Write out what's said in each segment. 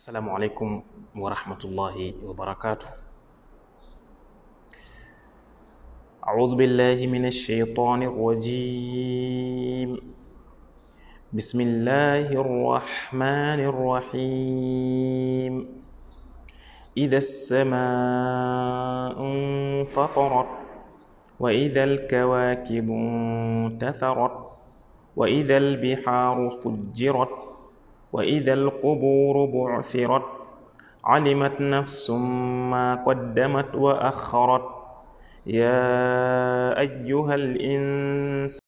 السلام عليكم ورحمة الله وبركاته أعوذ بالله من الشيطان الرجيم بسم الله الرحمن الرحيم إذا السماء انفطرت وإذا الكواكب انتثرت وإذا البحار فجرت وإذا القبور بعثرت علمت نفس ما قدمت وأخرت يا أيها الإنسان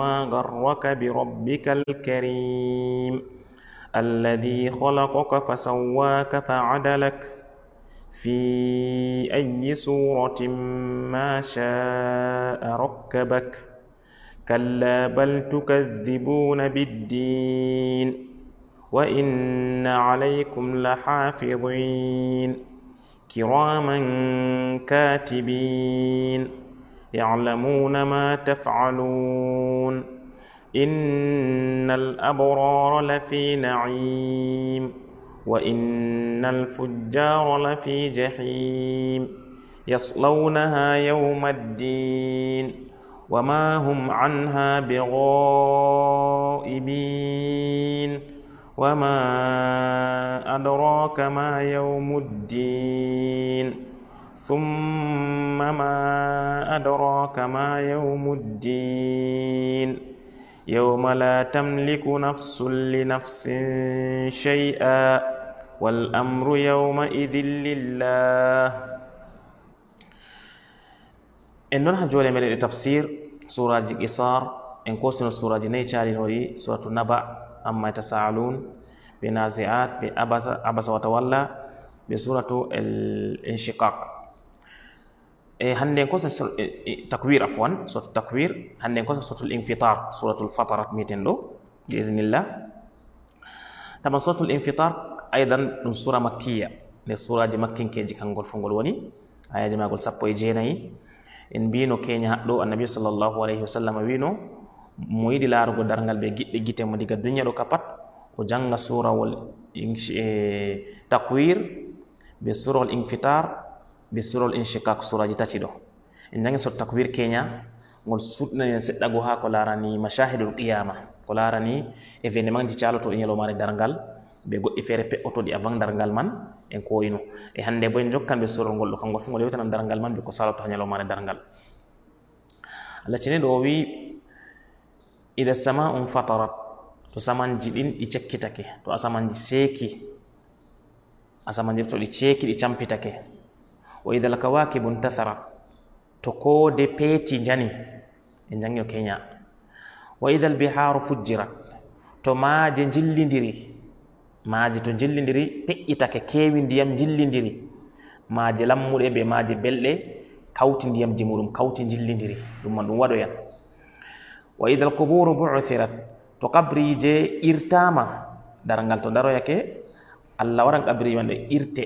ما غرك بربك الكريم الذي خلقك فسواك فعدلك في أي صورة ما شاء ركبك كلا بل تكذبون بالدين وإن عليكم لحافظين كراما كاتبين يعلمون ما تفعلون إن الأبرار لفي نعيم وإن الفجار لفي جحيم يصلونها يوم الدين وما هم عنها بغائبين وما أدراك ما يوم الدين ثم ما أدراك ما يوم الدين يوم لا تملك نفس لنفس شيئا والأمر يومئذ لله إن نحن جولة من التفسير سورة إصار إن كوسن سورة جنيشة لنوري سورة نبأ عما يتساءلون بنازعات بأبس أبس وتولى بسورة الانشقاق إيه، هندين كوسا إيه، تكوير عفوا سورة التكوير هندين كوسا سورة الانفطار سورة الفطرة ميتين دو بإذن الله طبعا سورة الانفطار أيضا من سورة مكية سورة دي مكين كي كان قول فنقول وني آية جماعة قول سبو يجيناي إن بينو كينيا دو النبي صلى الله عليه وسلم بينو mo yiɗi laarugo darngal ɓe giɗɗe gite mo diga duña ɗo ka pat ko jannga surawol e, takwir be surawol infitar be surawol inchikak suraji tati ɗo en jangi so takwir keña ngol suɗɗinanien seɗɗago ha ko larani machahidul qiyama ko larani événement ji caloto e ñalomare darngal ɓe goɗɗi feere peɓɓotoɗi avant darngal man en koyno e hannde bo en jokkan ɓe surol ngol ɗo kangol fo ngol yewtanan darngal man ɓe ko saloto ha ñalomare darngal allah cine ɗo wi ida sama um fatarat to samanji ɗin ɗi cekkitake to asamanji seeki asamanji to ɗi ceeki ɗi campitake wa ida alkawakibu intatharat to koode peeti njani e njangio kenya wa ida albiharu fujjirat to maaje jillidiri maaje to jillidiri peƴƴitake keewi ndiyam jillidiri maaje lammuɗe ɓe maaje belɗe kawti ndiyam ji muɗum kawti jillidiri ɗum man ɗum waɗoyan wa idal quburu bu'thirat to qabri je irtama darangal to daro yake allah waran qabri man ɓe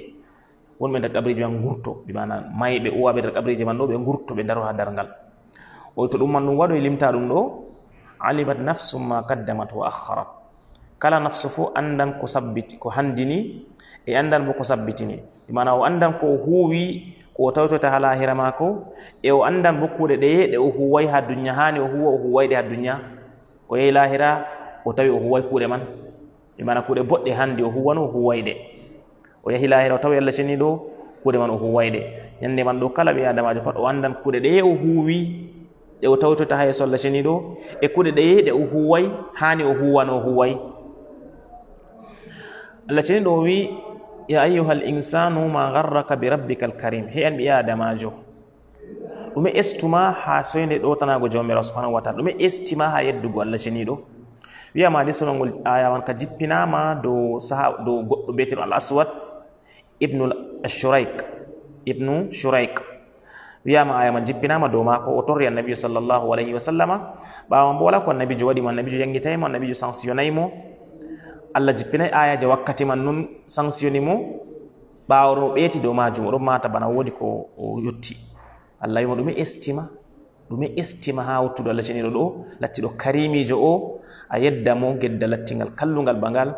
won men da qabri je ngurto ɓe mana mayɓe da qabri je man ɗo ɓe gurto ɓe daro ha darangal o to ɗum man ɗum waɗo limta ɗum ɗo alibat nafsu ma qaddamat wa akhkharat kala nafsu fu andan ko sabbiti ko handini e andan bo ko sabbitini mana o andan ko huwi ko tawtota ha lahira mako e o andan hokkuɗe ɗe ɗe o huway ha dunia hani o huwa o huway ɗe ha dunia o yehi lahira o tawi o huway kuɗe man imana kuɗe boɗɗe hande o huwano o huway ɗe o yahi lahira o tawi allah ceni ɗo kuɗe man o huway ɗe ñande man ɗo kala ɓe adamajo pat o andan kuɗe ɗe o huwi ɗe o tawtota ha yeso allah ceni ɗo e kuɗe ɗe ɗe o huway hani o huwano o huway allah ceni ɗo wi ya ayuha l insanu ma garraka bi rabbika l karim he en mi adamajo ɗume estuma ha soyde ɗotanago jawmirawo subhanahu wa taala ɗume estima ha yeddugo allah ceniɗo wiyama lisolol ngol ayawan ka jippinama dow saha dow goɗɗo biyeteɗo al aswad ibnu shuraik ibnu shuraik wiyama ayama jippinama dow mako o torri annabijo sallllahu alayhi wa sallama ɓawa mbo wala ko annabijo waɗimo annabijo yanggitaymo annabijo sanctionnaymo allah jippinay ayaji wakkati man nun sanctionni mo ɓaworo ɓeeti dow majum oɗon mata bana wodi ko o yotti allah wimo ɗume estima ɗume estima ha wottudo allah ceniɗo ɗo lattiɗo karimijo o a yedda mo gedda lattigal kallugal bangal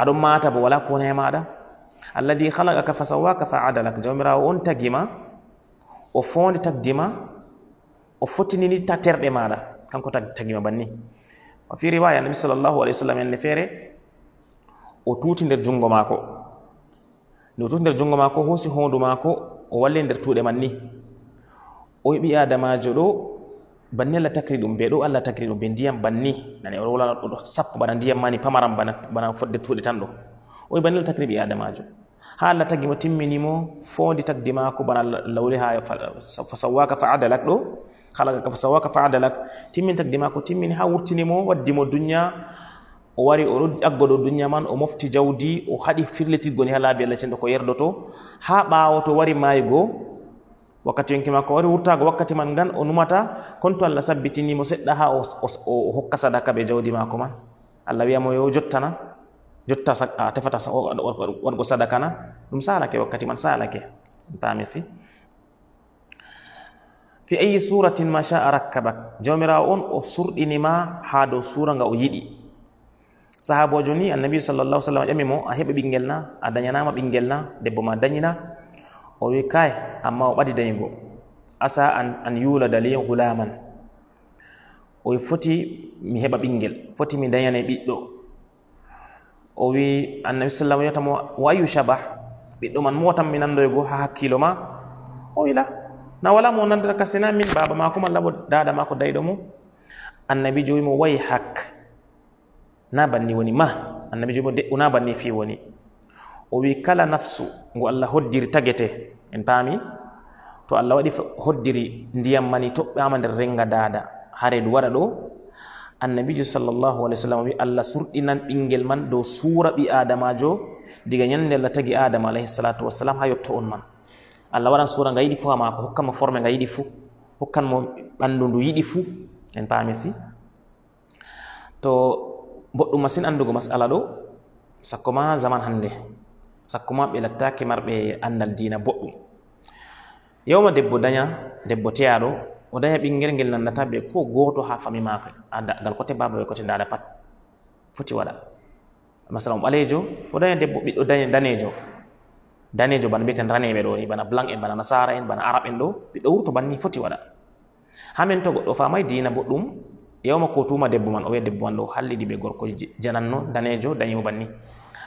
aɗon mata bo wala kowona e maɗa alladi halagaka fasawaka fa adalak jawmirawo on tagima o fonde tagdima o fottinini ta terɗe maɗa kanko tagima banni o fi riwaya nabi sall llahu alayhi wa sallam ennde feere o tuuti nder junngo maako nde o tuuti nder junngo maako hoosi hoondu maako o walli nder tuuɗe man ni o yiɓi adamajo ɗo banni allah takri ɗum ɓe ɗo allah takri ɗum ɓe ndiyam banni nani wala ɗo sappo bana ndiyam mani pamaram bana bana fodde tuuɗe tan ɗo o yi banni allah takri ɓi adamajo ha allah tagi mo timminimo fondi tagdi maako bana lawli ha fa sawwaka fa adalak ɗo halaga ka sawaka faadalak timmin tak dima ko timmin ha wurtinimo waddimo duniat o wari oɗo aggoɗo duniya man o mofti jawdi o haɗi firletigoni ha laabi allah cenɗo ko yerdoto ha ɓawo to wari maygo wakkati yonki makko wari wurtago wakkati man ngan o numata konto allah sabbitinimo seɗɗa ha o hokka sadaka ɓe jawdi mako man allah wiyamo yo jottana jotta a tefata wargo sadaka na ɗum salake wakkati man salake tamisi fi ayi suratin masha rakkabak jawmirawo on o surɗinima ha dow sura nga o yiɗi sahabojo ni annabi sallallah sallam ƴami mo a heɓa ɓinguel na a dañanama ɓinguel na debbo ma dañina o wi kay amma o ɓadi dañigo asa an, an yula dali gulaman o wi foti mi heɓa ɓinguel foti mi dañane ɓiɗɗo o wi annabi sallam wiyatamo wayu shabah ɓiɗɗo man mowatan mi nandoygo ha hakkilo ma o wila na wala mo nandata kasina min baba mako mallabo dada mako dayɗo mo annabi joyimo wayi hak na banni woni ma annabi joyimo deɓɓu na banni fi woni o wi kala nafsu ngu allah hoddiri tagete en paami to allah waɗi hoddiri ndiyam mani toɓɓama nder renga dada hare du waɗa ɗo annabijo sallllahu alih w sallam wi allah surɗinan ɓingel man dow suura ɓi adamajo diga ñande allah tagi adama alayhi salatu wassalam ha yotto on man allah waɗan sura nga yiɗi fo ama hokkanmo forme nga yiɗi fo hokkanmo ɓanndu ndu yiɗi fo en paami si to boɗɗum masine anndugo masala ɗo sakko ma zaman hannde sakko ma ɓe lattaake marɓe anndal diina boɗɗum yewma debbo daña debbo teyaɗo o daña ɓinngel ngel nanndata ɓe ko gooto haa fami maaka agal cote baba ɓe cote daada pat foti waɗa masala mo ɓaleejo o daña debbo ɓiɗɗo daña daneejo danejo bana mbiyeten raneɓe ɗo ni bana blanc en bana nasara en bana arab en ɗo ɓiɗɗo wurto banni foti waɗa hamin to goɗɗo famay dina boɗɗum yawma ko tuma debbo man o wiya debbo man ɗo halliɗi ɓe gorko jananno danejo dañimo banni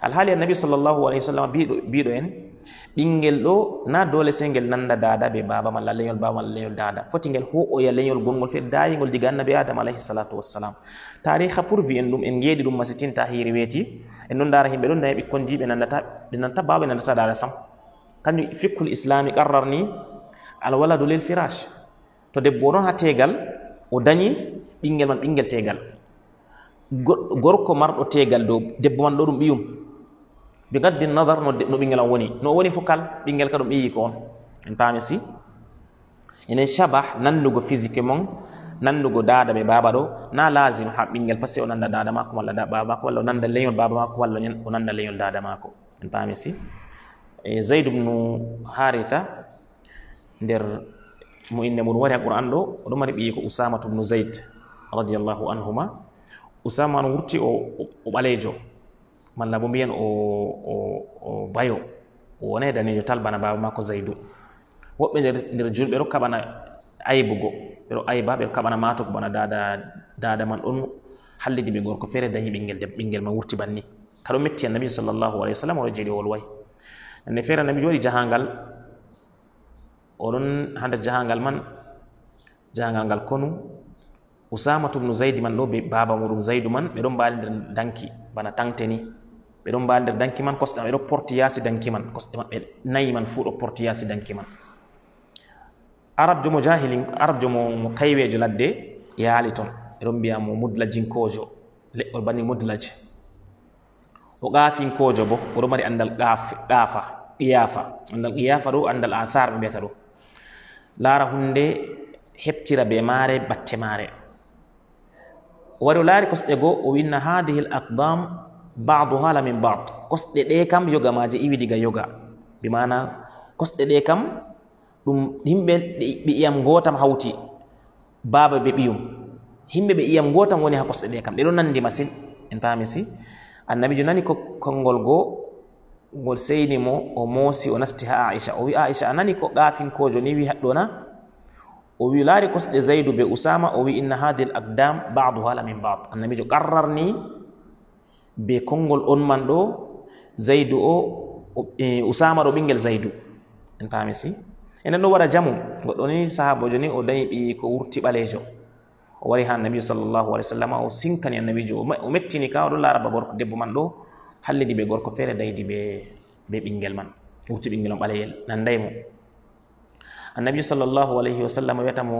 alhaali annabi sallllahu alayhi wa sallam biɗo en ɓinngel ɗo na dole se ngel nanda dada ɓe baba malla leñol baba malla leñol dada foti ngel ho oya leñol gongol fe dayigol diga annabi adam alayhi salatu wassalam tariha pour wien ɗum en geeɗi ɗum masitin tahiri weeti en noon dara himɓe ɗon nayi ɓikkon jiɓe nanata ɓe nanata baɓe nanata dara sam kanjum fikkul islami qarrar ni alwaladu lil firage to debbo o ɗon ha tegal o dañi ɓinguel man ɓinguel tegal gorko marɗo tegal dow debbo man ɗo ɗum ɓiyum ɓe gaddi nadar no ɓinguel an woni no o woni fo kal ɓinguel ka ɗum ɓiyi ko on en paami si enen chaba nanndugo physique mon nanndugo daada ɓe baaba ɗo na lasim ha ɓinngel pa se o nannda daada maako walla baba maako walla o nannda leyol baba maako walla o nannda leyol daada maako en paami si e zeydou mnu haritha nder mo inne muɗum wari ha qouran ɗo oɗo mari ɓiyi ko usamatu mnu zeyd radiallahu anhuma usama on wurti o ɓaleejo malla bo mbiyen o o bayo o wonay daneejo talbana baba maako zeydou woɓɓe nder julɓe ɗo kaɓana aybugo ɓeɗo ayba ɓe kaɓana mato ko bana dada dada man ɗon hallidi ɓe gorko feere dañi ɓingel ɓingel ma wurti banni kaɗo metti annabi sallllahu alayhi wa sallam oɗo jeeɗi wolway nanne feere annabi joɗi jahangal oɗon ha nder jahangal man jahangal ngal konu usamatu ubnu zaydi man ɗo ɓe baba muɗum zaydu man ɓeɗon mbali nder danki bana tante ni ɓeɗon mbali nder danki man kosɗe maɓɓe ɗo porti yaasi danki man kosɗe maɓɓe nayi man fuu ɗo porti yaasi danki man arab jomo jahilin arab jomo mo kaywejo ladde yaali toon eɗon mbiya mo mudla jinkojo leɓɓol bani mudlaje o ɓaafinkojo bo oɗo mari andal ɗaafa qiyafa andal qiyafa ɗo andal athar ɓe mbiyata ɗo laara hunde heɓtira be maare batte maare o wari o laari kosɗe goo o winna hadihi l aqdam bado hala min bad kosɗe ɗe kam yoga maje iwi diga yoga bi mana kosɗe ɗe kam ɗum yimɓe ɓe iyam gootam hawti baaba ɓe ɓiyum yimɓe ɓe iyam gootam woni haa kosɗe ɗe kam ɗe ɗo nanndi masin en paami si annabijo nani ko konngol goo ngol seyni mo o moosi o nasti haa aicha o wi aicha a nani ko ɗaafinkoojo ni wi haɗɗo na o wi laari kosɗe zaydu be usama o wi inna haadi l agdam badu hala min bad annabijo qarrar ni be konngol on man ɗo zaydu o e, usama ɗo ɓinngel zaydu en paami si enen ɗon waɗa jamu goɗɗo ni sahabajo ni o dañi ɓi ko wurti ɓalejo o wari ha annabi sallllahu alih w sallam o sinkani annabijo o mettini ka oɗon laraba gorko debbo man ɗo hallidi ɓe gorko feere daydi ɓe ɓe ɓinguel man wurti ɓinguel mo ɓaleyel nandaymo annabi sallllahu alayhi wa sallam wiyata mo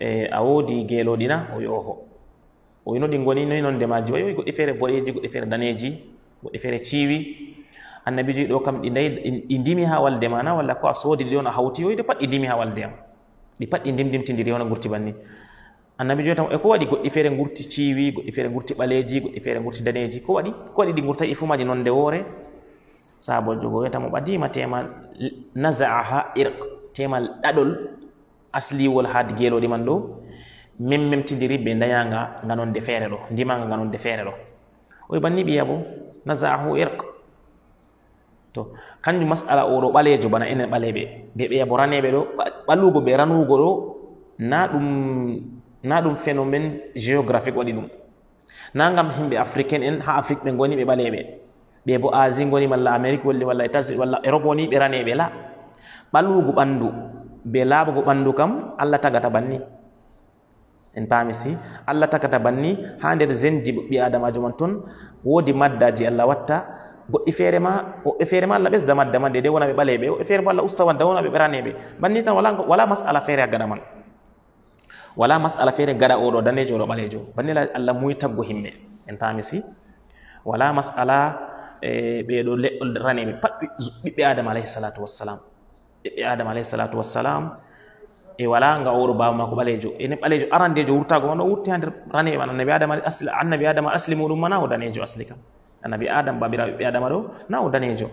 e a woodi geeloɗi na o yoho o yinoɗi goni noyi nonde maji wa yoyi goɗɗi feere boɗeji goɗɗi feere daneji goɗɗi feere ciiwi annabi joyi ɗo kam ɗi ndimi ha walde mana walla ko a soodi ɗi on a hawtiyoyde pat ɗi ndimi ha walde am ɗi pat ɗi ndimdimtidiri wona gurti banni annabi joyi tan e eh, ko waɗi goɗɗi feere gurti ciiwi goɗɗi feere gurti ɓaleeji goɗɗi feere gurti daneeji ko waɗi ko waɗi ɗi gurta e fumaji nonde woore saabol jogo wiyata mo ɓadima tema nasaaha irq tema ɗaɗol asliwol ha digeloɗi man ɗo mem memtidiri ɓe dañaga nga feere ɗo ndimanga nganonde feere ɗo oyi banni ɓiya bo nasaahu irq to kanjum masala oɗo ɓalejo bana enen ɓaleɓe ɓe ɓeya boraneɓe ɗo ɓallugo ɓe ranugo ɗo na ɗum na ɗum phénomène géographique waɗi ɗum na gam himɓe africaine en ha afrique ɓe goni ɓe ɓaleɓe ɓe bo asie goni walla amérique wolli walla états uni walla europe woni ɓe raneɓe la ɓallugo ɓandu ɓe laɓugo ɓandu kam allah tagata banni en paami si allah tagata banni ha nder zen ji ɓi adamajo man toon woodi maddaji allah watta goɗɗi feere ma woɓɓe feere ma dama dama de de wona be balebe o feere bo allah ustawan da wona ɓe ɓeraneɓe banni tan wala wala masala fere a gada man wala masala feere gada oɗo danejo oɗo ɓalejo bannila allah muy taggo himbe en tamisi wala masala be do le ranebe pat ɓiɓɓe adam alayhi salatu wassalam ɓiɓɓe adam alayhi salatu wassalam e wala nga oɗo baba mako ɓalejo ene ɓalejo arandejo wurtago on o wurti ha nder raneɓe man annabi adam asli annabi adam aslimu lumana o dane jo kam annabi adam babiraɓe ɓe adama ɗo na danejo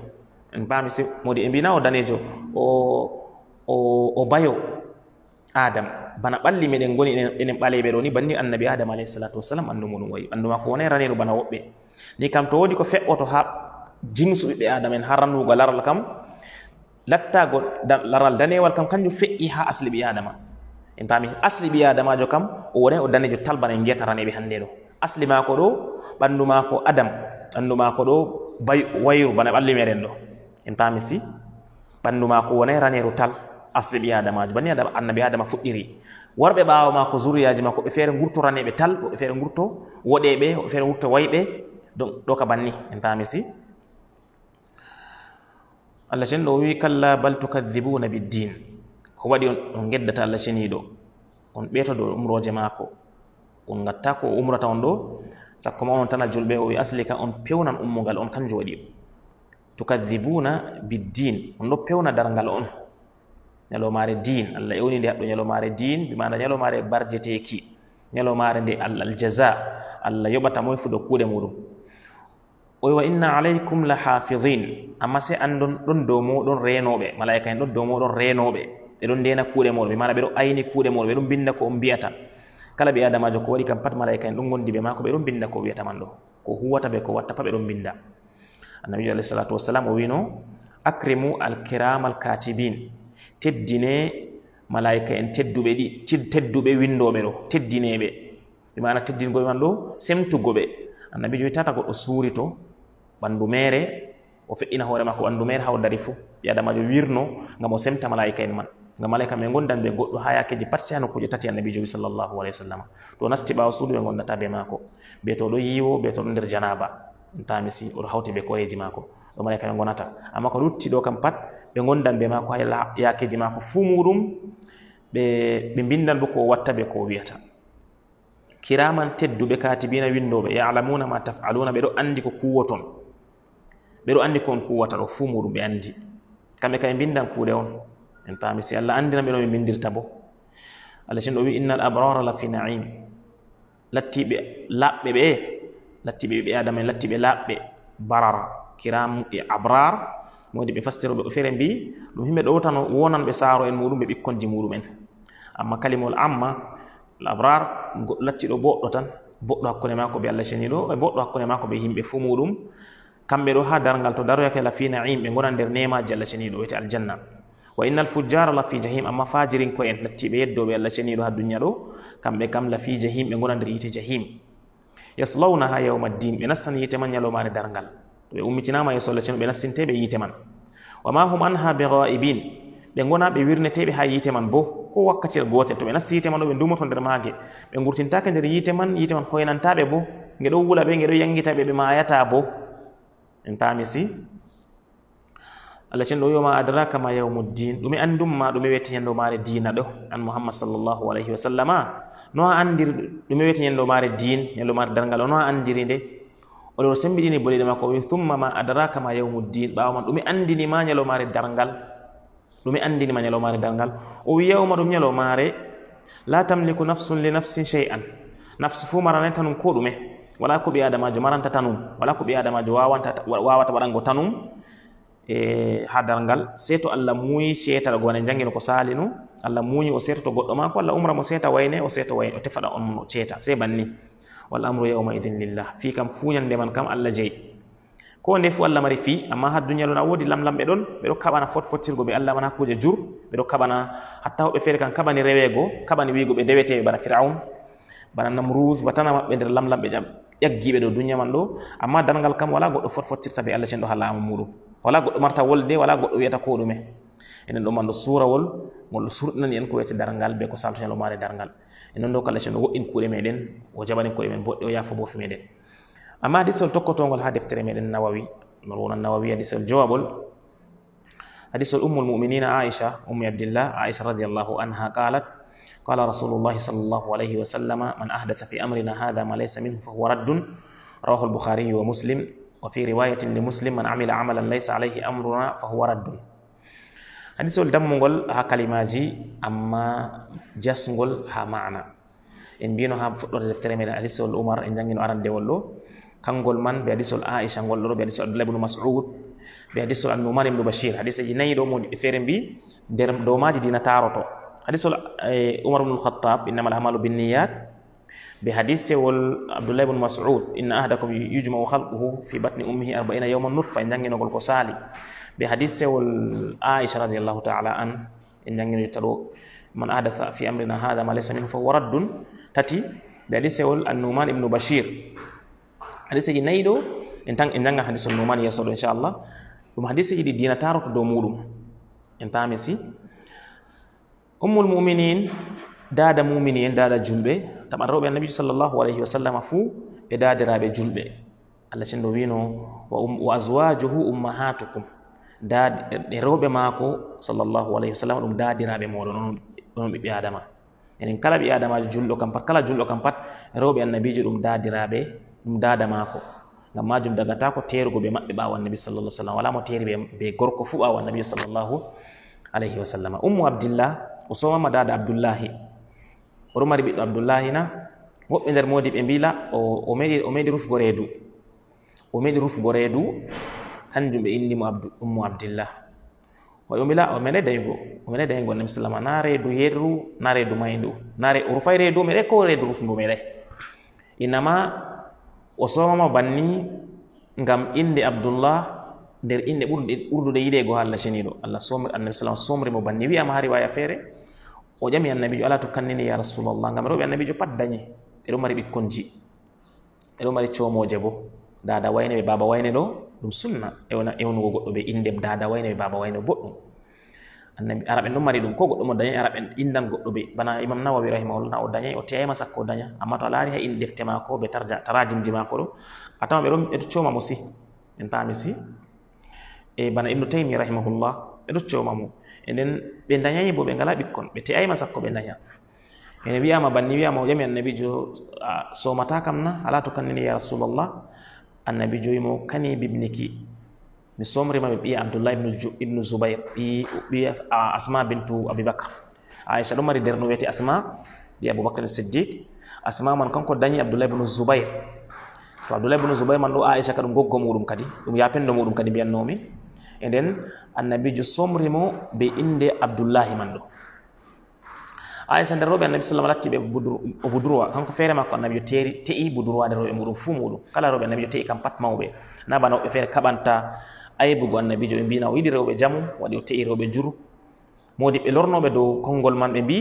en mbami si modi e mbi na danejo o o o bayo adam bana ɓalli meɗen goni enen ɓaleɓe ɗo ni banni annabi adam alayhi salatu wassalam andu muɗum wayi andu makko wonai ranenu bana woɓɓe ni kam to wodi ko feɓɓoto ha jimsu ɓiɓɓe adam en ha rannugo laral kam lattago laral danewal kam kanjum feƴƴi ha asli ɓi adama en pami asli ɓi adamajo kam o wonai o danejo tal bana en giyata raneɓe hannde ɗo asli maako ɗo ɓanndu maako adam ɓannduma ko ɗo bay wayru bana ɓalli meren ɗo en paami si ɓannduma ko wonay raneru tal asli ɓi adamajo banni adama annabi adama fuɗɗiri warɓe ɓawo ma ko zuriyaji ma koɓe feere gurto raneɓe tal koɓe feere gurto woɗeɓe koɓe feere gurto wayɓe donc ɗo ka banni en paami si allah ceni ɗo wi kalla bal tukadibuna biddin ko waɗi on geddata allah ceniɗo on ɓeytodo umroje maako on gatta ko umrata on ɗo sakkoma onon tan a julɓe o asli ka on pewnan ummugal on kanju waɗi tukadhibuna biddin on ɗo pewna dargal on mare din allah ewni nde nyalo mare din ki nyalo mare ñalomare nde aljaza allah yobata moy fuɗo kuuɗe muɗum o wa inna alaykum la hafizin amma se andon ɗon mo don renoɓe malaika en ɗon dow moɗon renoɓe ɓeɗon ndena kuuɗe manda be ɓeɗo ayni kuuɗe be ɓeɗon binda ko on mbiyata kala ɓi adamajo ko waɗi kam pat malaika en ɗon gondi ɓe ma ɓe binda ko wiyataman ɗo ko huwata ɓe ko watta pat ɓe ɗon binda annabijo alayhi salatu wassalam o wino acrimu alkiram alkatibin teddine malaika en tedduɓe ɗi tedduɓe windoɓe ɗo teddineɓe ɓe mana teddingoɓe man ɗo semtugoɓe annabijo wi tata goɗɗo suuri to ɓandu mere o ina hoore mako ɓandu mere ha o dari fuu ɓi adamajo wirno ngam o semta malaika en man ngam malaika kam gondanɓe goɗɗo ha yakeji passe hano kuje tati annabi joɓi sallllahu alayhi wa sallam to nasti ɓawa suudu ɓe gondata be maako ɓe to ɗo yiwo ɓe to ɗo nder janaba tamisi oɗo hawti ɓe koreji maako ɗo malay ɓe gonata amma ko lutti ɗo kam pat ɓe gondan ɓe maako ha yakeji maako fu muɗum ɓe mbindan bindan bo ko watta ɓe ko wiyata kiraman tedduɓe katibina windoɓe yalamuna ma tafaluna ɓeɗo andi ko kuwoton ɓeɗo andi kon kuwata ɗo fuu muɗum ɓe andi kamɓe kam ɓe bindan kuuɗe on en paami si allah anndinaɓe ɗo ɓe bindirta bo allah sin o wi inna al abrara la fi naim lattiɓe laɓɓe ɓe lattiɓe ɓiɓɓe adama en lattiɓe laɓɓe barara kiram e abrar mowodi ɓe fastiro ɓe fere mbi ɗum himɓe ɗowtano wonan ɓe saaro en muɗum ɓe ɓikkonji muɗumen amma kalimol amma l abrar lattiɗo boɗɗo tan boɗɗo hakkunde maako ɓe allah ceni ɗo e boɗɗo hakkunde maako ɓe yimɓe fuu muɗum kamɓe ɗo ha darngal to daroyakela fi naim ɓe gonan nder nemaji allah ceni ɗo wiyete aljanna wa innal fujjara la fi jahim amma fajirin ko en lattiɓe yeddoɓe allah ceniɗo ha duniya ɗo kamɓe kam la fi jahim ɓe gona nder yite jahim yaslawnaha yawma ddin ɓe nastan yite man ñalomare dargal to ɓe ummitinama yeso allah ceniɗo ɓe nastinteɓe yite man wa ma hum anha be ghaibin ɓe gona ɓe wirneteɓe ha yite man bo ko wakkatiyel gotel to ɓe nasti yite man ɗo ɓe dumoto nder maage ɓe gurtintake nder yite man yite man hoynantaɓe bo ngeɗo wula ɓe ngeɗo yangita ɓe ɓe mayata bo en paami si allah ceno o wiwama adaraka ma yawmu ddin ɗume anndumma ɗume wiyete ñanndo maare diina ɗo an mouhammad sallllahu alayhi wa sallama no a anndiri ɗume wiyete ñanndo maare din ñanndo maare darngal o no a anndiri nde olewo sembiɗini boleɗe makko wi thumma ma adaraka ma yawmu ddin ɓawoma ɗume anndinima ñalo maare darngal ɗume anndinima ñalo maare darngal o wi yawma ɗum ñalo maare la tamliku nafsun li nafsin chey an nafsu fo maranai tanum ko ɗume wala ko ɓi adamajo maranta tanum wala ko ɓi adamajo wawata waɗango tanum e hadal ngal sei to allah muuyi seetal gowone jangino ko saali nu allah muuyi o seeta to goɗɗo maako allah umra mo seeta wayne o seeta wayne o tefaɗa on o ceeta sei banni wal amru yauma idin lillah fi kam fuñande man kam allah jeyi ko nde fuu allah mari fi amma ha duniya lon a woodi lamlamɓe ɗon ɓeɗo kaɓana fot fottirgo ɓe allah man hakkuje jur ɓeɗo kaɓana hatta hoɓɓe feere kam kaɓani rewego kaɓani wigo ɓe deweteɓe bana firaun bana namrouse batana maɓɓe nder lamlamɓe jam ƴaggiɓe ɗo duniya man ɗo amma dangal kam wala goɗɗo fotfottirta be allah cenɗo ha laamu muɗum wala goɗɗo marta wolde wala goɗɗo wiyata ko ɗume enen ɗo man ɗo suurawol ngol ɗo surɗinani en ko wiyete dargal be ko saltoen o maare dargal en non ɗo ko allah cenɗo woɗɗin kuuɗe meɗen o jaɓani koɗe men boɗɗe o yafo bofi meɗen amma hadisol tokkotogol ha deftere meɗen nawawi nol wona nawawi hadisol jowabol hadisol ummul muminina aicha ummi abdillah aicha radiallahu anha qalat قال رسول الله صلى الله عليه وسلم من أحدث في أمرنا هذا ما ليس منه فهو رد رواه البخاري ومسلم وفي رواية لمسلم من عمل عملا ليس عليه أمرنا فهو رد حديث الدم قل ها كلمة جي أما جس قل ها معنى إن بينو ها فطر الدفتر من حديث الأمر إن جنجن أران دولو كان قل من بحديث الآئشة قل لرو بحديث عبد الله بن مسعود بحديث النومان بن بشير حديث جنيد ومو فيرم بي دوما جدينا تارتو حديث إيه، عمر بن الخطاب إنما الأعمال بالنيات بحديث عبد الله بن مسعود إن أحدكم يجمع خلقه في بطن أمه 40 يوما نطفة إن جنجي نقول كسالي بحديث عائشة رضي الله تعالى عن إن جنجي يتلو من أحدث في أمرنا هذا ما ليس منه فهو رد تاتي بحديث النومان بن بشير حديث نيدو إن جنجي حديث النومان يصل إن شاء الله ɗum hadise دينا dina taroto dow muɗum en ummul muminin dada mumini en dada julɓe taman rewɓe annabijo sallllahu alayhi wa sallam fuu e dadiraɓe julɓe allah cenɗo wino wa aswajuhu ummahatukum e rewɓe maako sallllahu alayhi wa sallam ɗum dadiraɓe moɗon onon ɓiɓɓe adama enen kala ɓi adamajo julɗo kam pat kala julɗo kam pat rewɓe annabijo ɗum dadiraɓe ɗum dada maako ngam majum dagata ko terugo ɓe maɓɓe ɓawo annabi sallah sallam wala mo teri ɓe gorko fuu ɓawo annabijo sallllahu alayhi wa sallama ummu abdillah o somama dada abdoullahi o rumari ɓiɗɗo abdoullahi na woɓɓe nder modi ɓe mbila o meɗi rufgo reedu o meɗi rufgo reedu kanjum ɓe innimo ummu abdillah waɓe mbila o meɗe daygo o meɗe daygo nabi sallama na reedu yerru na reedu maydu o rufay reedu meɗe ko reedu rufgo meɗe innama o somama banni ngam inde abdoullah nder inne ɓurdude yiɗeego ha allah ceniiɗo allah somri annabi sa somri mo banni wiyama ha riwaya feere o ƴami annabijo ala to kannini ya rasulllah ngam rewɓe annabijo pat dañe ɓe ɗo mari ɓikkonji ɓe ɗo mari coomooje bo dada wayne ɓe baba wayne ɗo ɗum sunna ewna ewnugo goɗɗo ɓe inde dada wayne ɓe baba wayne boɗɗum annabi araɓen ɗon mari ɗum ko goɗɗo mo dañe araɓen indan goɗɗo ɓe bana imam nawawi rahimahullah na o dañay o teyayma sakko o daña amma to a laari ha in defte maako ɓe tara jimji maako ɗo a tawa ɓeɗo ɓeɗo cooma mo si en paami si e bana ibnu taymi rahimahullah ɓe ɗoccomamo e nden ɓe dañani bo ɓe ngala ɓikkon ɓe te'ayima sakko ɓe daña ene wiyama banni wiyama o ƴami annabijo ah, somata kam na ala to kannini ya rasulallah annabi joyimo kani bibniki mi somrima mi ɓiya abdoullah ibnu zoubair ɓiya ah, asma bintu abibacre aicha ɗo mari derno wiyete asma ɓi aboubacre siddique asma man kanko dañi abdoullah ibnu zoubair to abdoullah ibnu zoubair man ɗo aicha ka ɗum goggo muɗum kadi ɗum yapendo muɗum kadi mbiyannomin e nden annabijo somri mo be innde abdoullahi man ɗo aysa nder rewɓe annabi sallam latti ɓe o boudroi kanko feere makko annabijo teri te'i boudroi nder rewɓe muɗum fuu muɗum kala rewɓe annabijo te'i kam pat mawɓe na bana woɓɓe feere kaɓanta aybugo annabijo ɓe mbina o yiɗi rewɓe jamu waɗi o te'i rewɓe juru modi ɓe lornoɓe dow konngol man ɓe mbi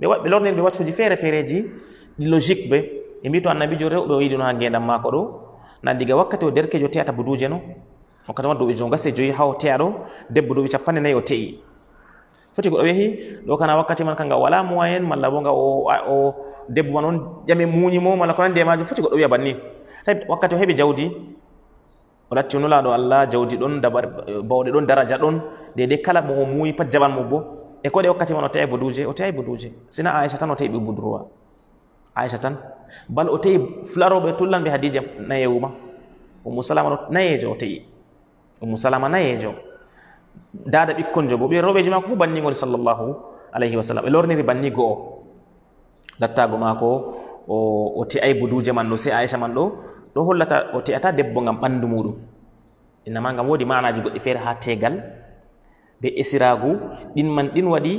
ɓe lorniri ɓe waccuji feere feereji ɗi logique ɓe ɓe mbi to annabijo rewɓe o yiɗino ha ngendan maako ɗo na diga wakkati o derkejo teyata buduje no hokkatama duuɓi jogase joyi haw teyaɗo debbo duuɓi capanɗe nayi o teƴi foti goɗo yehi ɗo kana wakkati man kanga wala moyen malla bo nga o debbo man on ƴame muñimo malla ko nandi e majum foti goɗɗo wiya banni tai wakkati o heɓi jawdi o latti o nulaɗo allah jawdi ɗon dabar bawɗe ɗon daraja ɗon de de kala mo o muuyi pat jaban mum bo e koɗe wakkati man o teyai e boduje o teyai e boduje sina aicha tan o teyi ɓe boudroi aicha tan bal o teyi flaroɓe tullanɓe hadije nayewuma o musalama ɗo nayejo o teyi ummu salama nayejo dada ɓikkonjo bo ɓi rewɓeji mako fo banndigoni sallllahu alayhi wa sallam ɓe lorniri banndigo o lattago mako o, o te'ay buduje man ɗo se aicha man ɗo ɗo hollata o te'ata debbo gam ɓanndu muɗum innama gam woodi manaji goɗɗi feere ha tegal ɓe esiragu ɗin man ɗin waɗi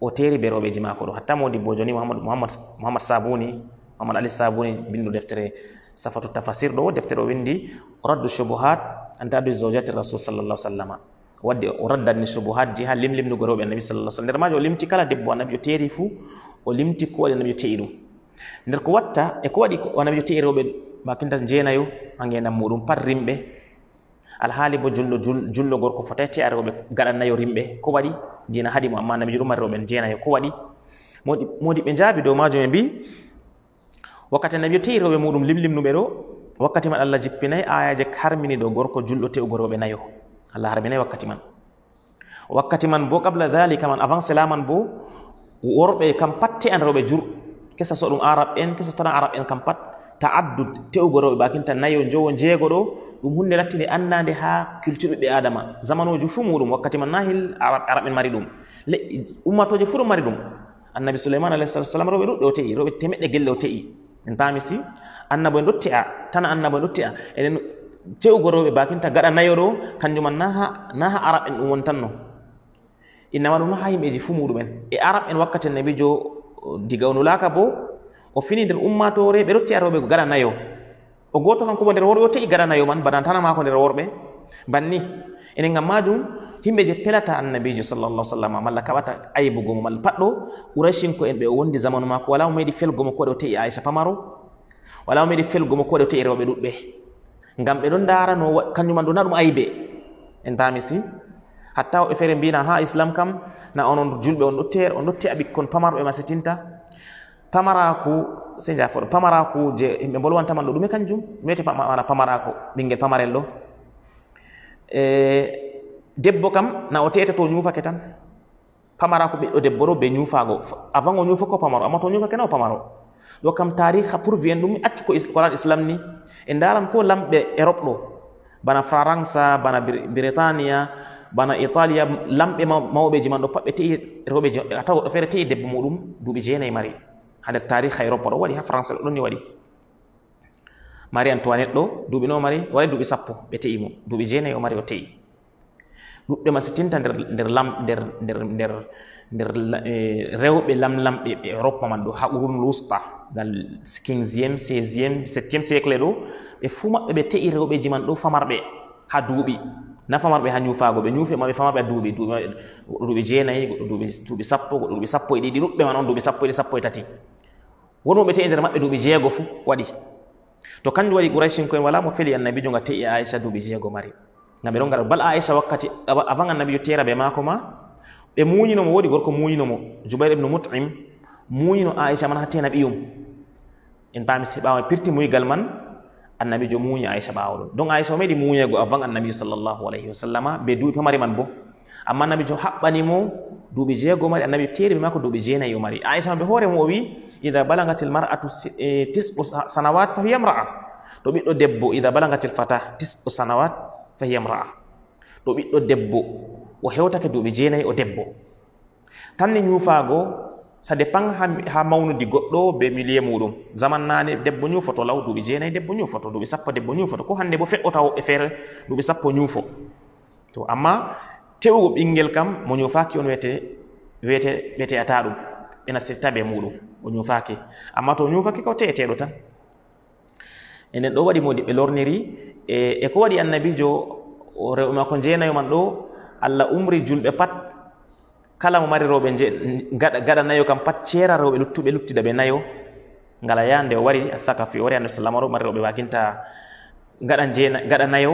o teri ɓe rewɓeji mako ɗo hatta modi bo joni mohammad sabuni mohammad ali sabuni binndu deftere safatu tafasir ɗo deftere o windi raddu chobohat an taadu zawjati rasul sallallahu alaihi wasallam wadde o raddani subuhat ji ha limlimɗugo rewɓe annabi nabi sallallahu nder wasallam o limti kala debbo annabijo teeri fuu o limti ko waɗi yo te'i ɗum nder ko watta e ko waɗi annabijo te'i rewɓe makinta jeenayo ha ngenam muɗum pat rimɓe alhaali bo jullo jullo gorko fotai te'a rewɓe gaɗannayo rimɓe ko waɗi dina haɗi mo amma yo ɗum mari jeena jeenayo ko waɗi modi jabi do dow be bi wakati nabi yo te'i rewɓe muɗum limlimnuɓe ɗo wakkati man allah jippinayi ayaji harmini ɗo gorko julɗo tewgo rewɓe nayo allah harminayi wakkati man wakkati man bo qabla dalika man avant cela man bo worɓe kam patte an rewɓe jur kesa so ɗum arab en kesa tona arab en kam pat ta addu tewgo rewɓe bakinta nayo jowo jeego ɗo ɗum hunde lattinde annade ha culture ɓeɓe adama zamaneuji fuu muɗum wakkati man nahil arab en mari ɗum ummatoji fuu ɗum mari ɗum annabi souleyman alah salatu salam rewɓe ɗuɗɗe o teƴi rewɓe temeɗɗe gelle o teƴi en paami si annabo en ɗotti a tan annabo en ɗotti a enen cewgo rewɓe bakinta gaɗa nayoro kanjuma na ha arab en ɗum won tan no innama ɗum no ha yimɓeji fu muɗumen e arab en wakkati en nabijo diga onulaka bo o fini nder ummatore ɓe ɗotti a rewɓe gaɗa nayo o goto kanko bo nder worɓe o teƴi gaɗa nayo man bana tana mako nder worɓe banni ene gamma ɗum himɓe je pelata annabijo sallllah sallam malla kawata aybugomo malla patɗo ourachinko en ɓe o wondi zamanu mako wala mo meɗi felgomo koɗe o teƴi aicha pamaro wala mo meɗi felgomo koɗe o teƴi rewɓe ɗuɗɓe gam ɓe ɗon darano kanjuman ɗo na ɗum aybe en tamisi hatta woɓe feere mbina ha islam kam na onon julɓe on ɗo ter on ɗo teya ɓikkon pamaroɓe masitinta pamarako se jafoɗo pamarako je himɓe bolwantaman ɗo ɗume kanjum ɗumete pamara pamarako ɓinguel pamarel ɗo E, debbo kam na o teta to ñuufake tan pamara ko ɓeɗɗo debbo ɗo ɓe ñuufaago avant o ñuufa ko pamaro amma to ñuufake na o pamaro ɗo kam tariha pour wiyen ɗum acci ko koran islam ni e ndaran ko lamɓe europe ɗo bana france bana britania bana italia lamɓe mawɓeji man ɗo pat ɓe tei rewɓeji maɓɓe a tawa goɗɗo feere tei debbo muɗum duuɓi jeenayi mari ha nder tariha europe ɗo waɗi ha français ɗo ɗon ni waɗi mari antoinette ɗo duuɓi no mari wala duuɓi sappo ɓe te'i mo duuɓi jeenayi o mari o te'i ɗuɓɓe masitinta nder nder lam nder nder nder nder eh, rewɓe lamlamɓe ɓe europa man ɗo ha urul usta ngal 15iéme 16iéme 17iéme siècle ɗo ɓe fuu maɓɓe ɓe te'i rewɓeji man ɗo famarɓe ha duuɓi na famarɓe ha ñuufaago ɓe ñuufi maɓe famarɓe ha duuɓi duuɓimaɓe goɗɗo duuɓi jeenayi goɗɗo duuɓi duuɓi sappo goɗɗo duuɓi sappo e ɗiɗi ɗuɓɓe man on duuɓi sappo e ɗi sappo e tati wonmo ɓe te'i nder maɓɓe duuɓi jeego fuu waɗi to kanjum waɗi gouraysin koen wala mo feli annabijo nga te'i aicha duuɓi jeego mari ngam ɓe ɗon bal aicha wakkati avant annabijo tera ɓe maako ma ɓe eh, muñinomo woodi gorko muñinomo joubair ibnu mutim muñino aicha man ha tena ɓiyum en mbami si ɓawa pirti muygal man annabijo muñi aicha ɓawo ɗon donc aicha o meɗi muñego avant annabijo sallllahu alayhi wa sallama be duuɓi pamari man bo amma annabijo haɓɓanimo duuɓi jeego mari annabi teeri maako duuɓi jeenayi o mari aicha maɓe hoore mum o wi ida balagatel maratu e, tisu sanawat fa hiya mraa to ɓiɗɗo debbo ida balagatel fata tisu sanawat fa hiya mraa to ɓiɗɗo debbo o hewtake duuɓi jeenayi o debbo tan ni ñuufaago sade pan ha mawnudi goɗɗo be milier muɗum zaman naane debbo ñuufoto law duuɓi jeenayi debbo ñuufoto duuɓi sappo debbo ñuufoto ko hannde bo feɗɗota woɓɓe feere duuɓi sappo ñuufo to amma tewugo ɓingel kam mo ñofaaki on wiyete wiyete wiyeteyata ɗum ena sirta be muɗum o ñofaaki amma to ñofaaki ko teeteɗo tan e nden ɗo waɗi modi ɓe lorniri e e ko waɗi annabijo rewɓe makko jeenayo man ɗo allah umri julɓe pat kala mo mari rewɓe gaɗa nayo kam pat ceera rewɓe luttuɓe luttida ɓe nayo ngala yande o wari athaka fi ore anabi sallama ɗo mari rewɓe waginta gaɗa jena gaɗa nayo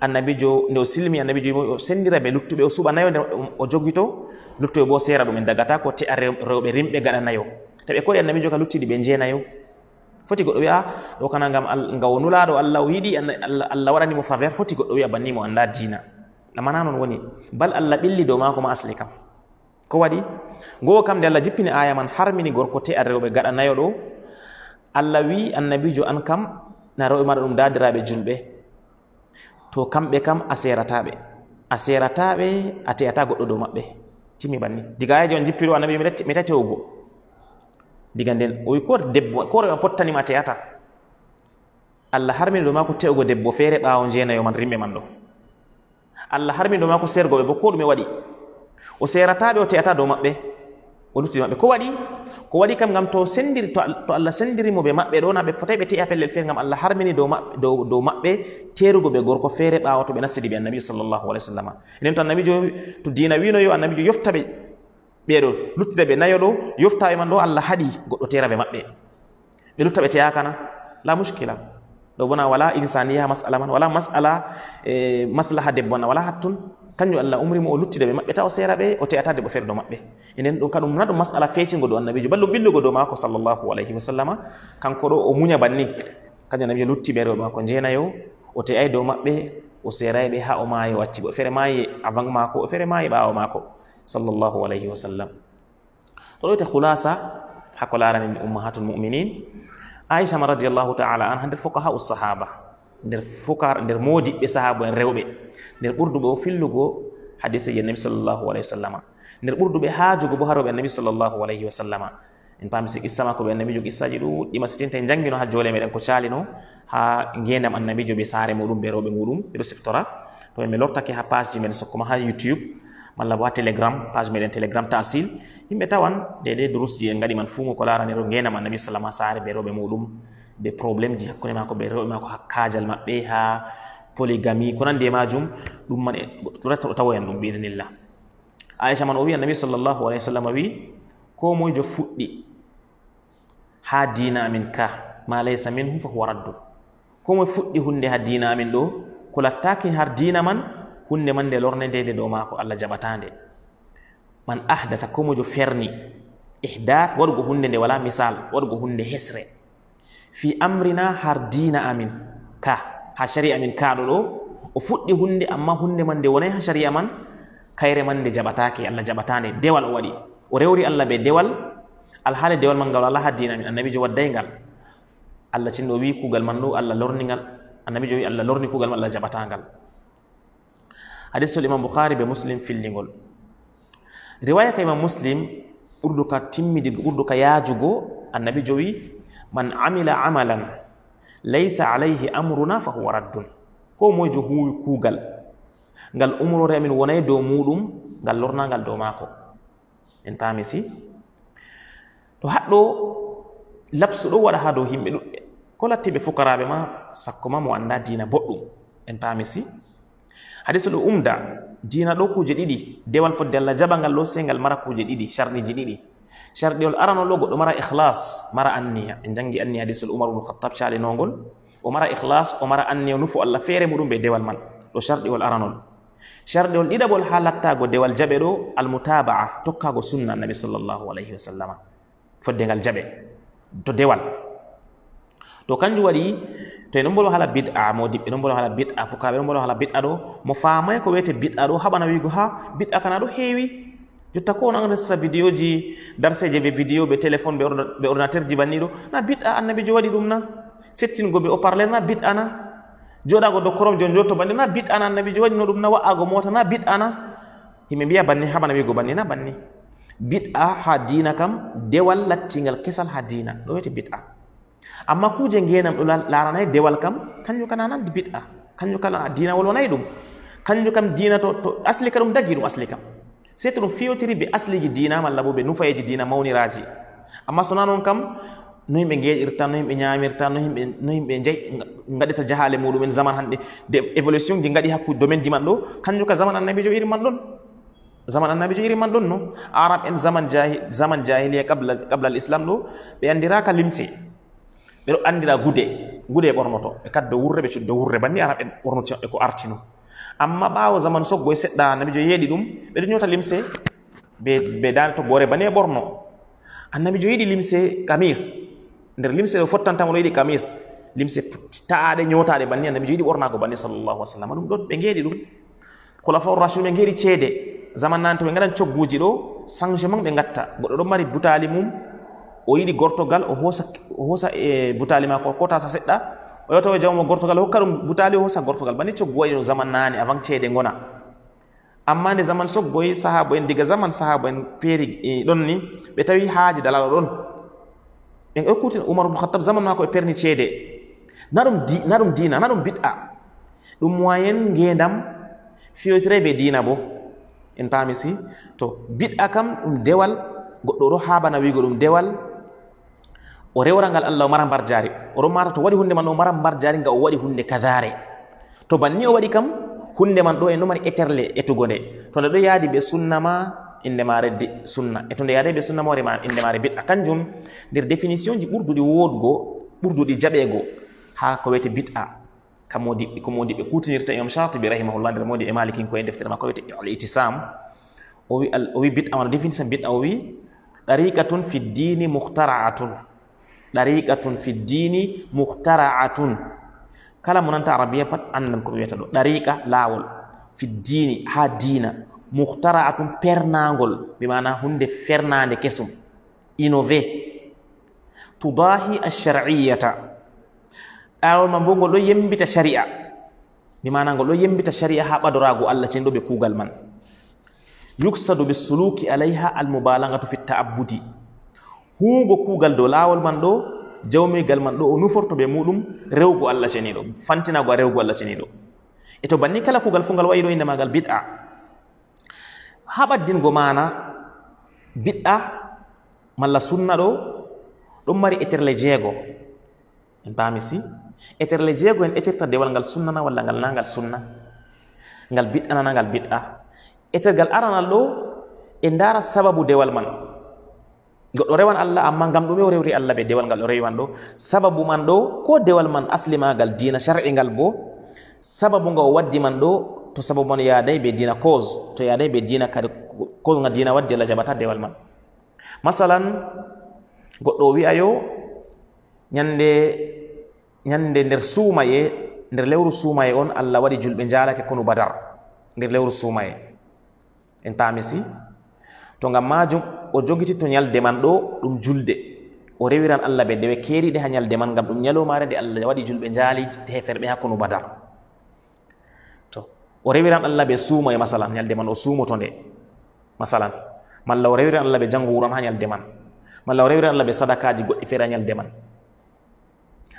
annabijo nde o silmi annabijo o sendiraɓe luttuɓe o suuɓa nayo nde o jogi to luttoɓe bo seera ɗum en dagata ko te a rewɓe rimɓe gaɗa nayo ta ɓe koɗi annabijo ka luttiɗi ɓe jeenayo foti goɗɗo wiya ɗo kana gam ngawnulaɗo allah o yiɗi allah waɗanimo faveur foti goɗɗo wiya bannimo anda dina amana noon woni bal allah ɓilli dow mako ma asli kam ko waɗi goo kam nde allah jippini aya man harmini gorko te a rewɓe gaɗa nayo ɗo allah wi annabijo an kam na rewɓe maɗa ɗum dadiraɓe julɓe to kamɓe kam a serataɓe a serataɓe a teyata goɗɗo dow maɓɓe timi banni diga ayaji on jippiru anabi mi tatewugo diga nden o wi ko debbo ko rewe pottanima teyata allah harmini ɗoma ko tewgo debbo feere ɓawo jeenayo man rimɓe man ɗo allah harmini ɗoma ko sergoɓe bo ko ɗume waɗi o serataɓe o teyata dow maɓɓe o lutti maɓɓe ko waɗi ko waɗi kam gam to sendiri to allah sendirimo ɓe maɓɓe ɗona ɓe fotai ɓe teƴa pellel feere gam allah harmini dow maɓɓe terugo ɓe gorko feere ɓawa to ɓe nastidi ɓe annabi sallllahu alah w sallam enen to annabi jo to dina winoyo annabi jo yofta ɓe ɓeɗo luttida ɓe nayo ɗo yoftaɓe man ɗo allah haɗi goɗɗo tera ɓe maɓɓe ɓe lutta ɓe teya kana la muskila ɗo bona wala insaniya masala man wala masala eh, maslaha debbona wala hattun kanjum allah umrimo o luttida ɓe maɓɓe taw seeraɓe o te'atade ɓe feere dow maɓɓe enen ɗum kaɗum na ɗum masala feecingo dow annabijo ballu billugo dow maako sallllahu alayhi wa sallama kanko ɗo o muña banni kanjum annabijo lutti ɓe rewɓe maako jeenayo o te'ay dow maɓɓe o seeray ɓe ha o maayi o acci ɓe feere maayi avant maako o feere maayi ɓaawo maako sallllahu alayhi wa sallam to ɗoyte hulasa hakko laarani ummahatul muminin aicha ma radiallahu taala an ha nder fokaha u sahaba nder fukar nder modiɓɓe sahaba en rewɓe nder ɓurduɓe o fillugo hadiseji annabi sallllahu alayhi wa sallama nder ɓurduɓe haajugo bo haroɓe annabi sallllahu alayhi wa sallama en paami si qissa makko ɓe annabijo qissaji ɗuɗɗima sitinta en jangino ha joole meɗen ko calino ha ngendam annabijo ɓe saare muɗum ɓe rewɓe muɗum ɓeɗo siftora to en mi lortake ha page ji meɗen sokkoma ha youtube malla bo ha telegram page meɗen telegram tasil yimɓe tawan dede durusji en gaɗi man fuu mo ko larani ro ngenam annabi sallama saare ɓe rewɓe muɗum be probléme ji hakkunde maako ɓe rewɓe maako kaajal maɓɓe ha polygamie ko nande majum ɗumantawoyan ɗum e biidanillah aicha man o wi annabi sallllahu alayhi wa sallam wi ko moyejo fuɗɗi ha dina amin ka ma laysa min hum fa huwa raddu ko moye fuɗɗi hunde ha dina amin ɗo ko lattaki har dina man hunde man nde lorne nde nde ɗo maako allah jaɓatande man ahdata ko moyejo ferni ihdat waɗugo hunde nde wala misal waɗugo hunde hesre fi amrina har dina amin ka ha shari amin kaɗo ɗo o fuɗɗi hunde amma hunde man nde wonai ha shari'a man kayre man nde jaɓatake allah jaɓatande dewal o waɗi o rewri allah ɓe dewal alhaali dewal man ngal alla ha dina amin annabijo waddaygal allah cinɗo wi kugal man ɗo allah lorningal annabijo wi allah lorni kugal ma allah jaɓatangal hadisol imam bouhari ɓe muslim fillingol riwaya ka imam muslim ɓurdu ka timmidi ɓurdu ka yajugo annabi jowi man amila amalan laysa alayhi amruna fahuwa raddun ko moyjo huwi kuugal ngal umrore amin wonay dow muɗum ngal lornangal dow maako en tami si to haɗɗo labsu ɗo waɗa ha dow himɓe ɗuɗɓe ko lattiɓe fukaraɓe ma sakko ma mo anda dina boɗɗum en pami si hadis ɗo umda dina ɗo kuje ɗiɗi dewal fodde allah jaɓa ngal ɗo se ngal mara kuje ɗiɗi sarɗiji ɗiɗi sharɗiol aranolo goɗɗo mara ihlas mara anniya en jangi anniya hadisel umar ubnu khatab calinogol o mara ihlas o mara anniya nufu allah feere muɗum ɓe dewal man ɗo sharɗiol aranol sharɗiol ɗiɗabol ha lattago dewal jaɓe ɗo almutabaa tokkago sunna annabi sallllahu alayhi wa sallama foddegal jaɓe to dewal to kanjum waɗi to eɗon mbolo hala bid'a modiɓɓe ɗon mbolo hala bid'a fukaɓe ɗon mbolo hala bid'a ɗo mo famay ko wiyete bid'a ɗo haɓana wigo ha bid'a kana ɗo heewi jotta ko on enregistra vidéo ji darse je be vidéo be téléphone be ordinateur ji banido na bit a annabi jo wadi dum na settingo ɓe o parler na bit ana joda go do korom on jotto banni na bit ana annabi jo wadi no dum na wa'ago mota na bit ana yimɓe biya banni haɓana go banni na banni bit a ha dina kam walla tingal kesal ha dina ɗo wiyete bit a amma ku je ngenam do ɗo de wal kam kanjum kan anan bit a kan yu kala dina kan wonay dum kan yu kam dina to asli kam dagiru asli kam sey to ɗum fewtiri be asliji dinama allah bo ɓe nufayeji dina mawniraji amma sona noon kam no yimɓe geeƴirta no yimɓe ñaamirta no yimɓe no yimɓe jayi gaɗata jahaale muɗumen zaman hannde de évolution ji gaɗi hakkude domaine ji man ɗo kanjum ka zaman annabijo iri man ɗon zaman annabijo iri man ɗon no arab en zaman zaman jahiliya qabla l islam ɗo ɓe anndiraka limse ɓeɗo anndira gude gude e ɓornoto ɓe kaddo wurre ɓe cuddo wurre banni arab en ɓornotoɓe ko arti no amma ɓawo zaman soggoye seɗɗa annabijo yeeɗi ɗum ɓeɗo ñota limse ɓe be, dane toggore bane ɓorno annabijo yiɗi limse kamis nder limse ɗo fottantama ɗo yiɗi kamis limse taaɗe ñotaɗe banni annabijo yiɗi ɓornago banni sallllahu alih sallam ɗum ɗon ɓe geeɗi ɗum kolafaur rachid ɓe geeri ceede zaman nane to ɓe gaɗan cogguji ɗo changement ɓe gatta goɗɗo ɗon mari butali mum o yiɗi gortogal o hoosa o hoosa e butali makko kota sa seɗɗa o yewta o jawmo gortogal ɗum butali hosa gortogal bani coggu waɗi no zaman nane avant ceede gona amma nde zaman soggoyi sahabo en diga zaman sahabo en peeri ɗon e, ni ɓe tawi haaji dalaɗo ɗon ɓe okkutin umar ubnu khattab zaman mako e perni ceede na ɗum na ɗum dina na ɗum bid'a ɗum moyen ngendam fiyotire ɓe dina bo en paami si to bid'a kam ɗum dewal goɗɗo ɗo haabana wiigo ɗum dewal o rewra ngal allah o mara mbarjaari oɗon mata to waɗi hunde man o mara mbarjaari nga o waɗi hunde kadare to banni o waɗi kam hunde man ɗo e ɗo mari éterle etugo nde to nde ɗo yaadi ɓe sunnama indema redde sunna e to nde yaadi ɓe sunnama orema indemare bit a kanjum nder définition ji ɓurduɗi woodgo ɓurduɗi jaɓeego ha ko wiyete bit a kamodi komodi ɓe kutinirta imam chatibi rahimahullah nder modi e malikin koye deftere ma ko wiyete al itisam o wi o wi bit a wano définition bit a o wi tariqatun fi dini muhtara'atun dariqatun fi dini muhtaraatun kala munanta arabiya pat andan ko wiyata ɗo dariqa laawol fi dini ha dina muhtaraatun pernagol bi mana hunde fernande kesum innove tudahi alshariyata ɗawol ma bo do yembita sharia bi mana ngol do yembita sharia ha ɓadorago allah cendo be ɓe man yuksadu bisuluki alayha almubalagatu fi ta'abbudi huugo kuugal dow laawol man ɗo jawmigal man ɗo o nuforto ɓe muɗum rewgo allah ceniiɗo fantinaago a rewgo allah ceniiɗo e to banni kala kuugal fuu ngal wayi ɗo innde maagal bid'a haa ɓaddingo maana bid'a malla sunna ɗo ɗum mari eterle jeego en paami si eterle jeego en etirta dewal ngal sunnana walla ngal nangal sunna ngal bid'anana ngal bid'a etergal aranal ɗo e ndaara sababu dewal man goɗɗo rewan allah amma ngam ɗume o rewri allah ɓe dewal ngal o rewiman ɗo sababu man ɗo ko dewal man aslimagal dina sar'i ngal bo sababu nga o waddi man ɗo to sababu man yaday ɓe dina cause to yaday ɓe dina kadi cause nga dina waddi allah jaɓata dewal man masalan goɗɗo o wi'a yo ñande ñande nder suumaye nder lewru suumaye on allah waɗi julɓe njalake kono badar nder lewru suumaye en tamisi to ngam majum o jogiti to ñalde man ɗo ɗum julde o rewiran allah ɓe ndewe keriɗe ha ñalde man ngam ɗum ñalomare nde allah waɗi julɓe njaali heferɓe hakko nu badar to o rewiran allah ɓe suumo e masalan ñalde man o suumoto nde masalan malla o rewiran allah ɓe jango wuran ha ñalde man malla o rewiran allah ɓe sadakaji goɗɗi feere ha ñalde man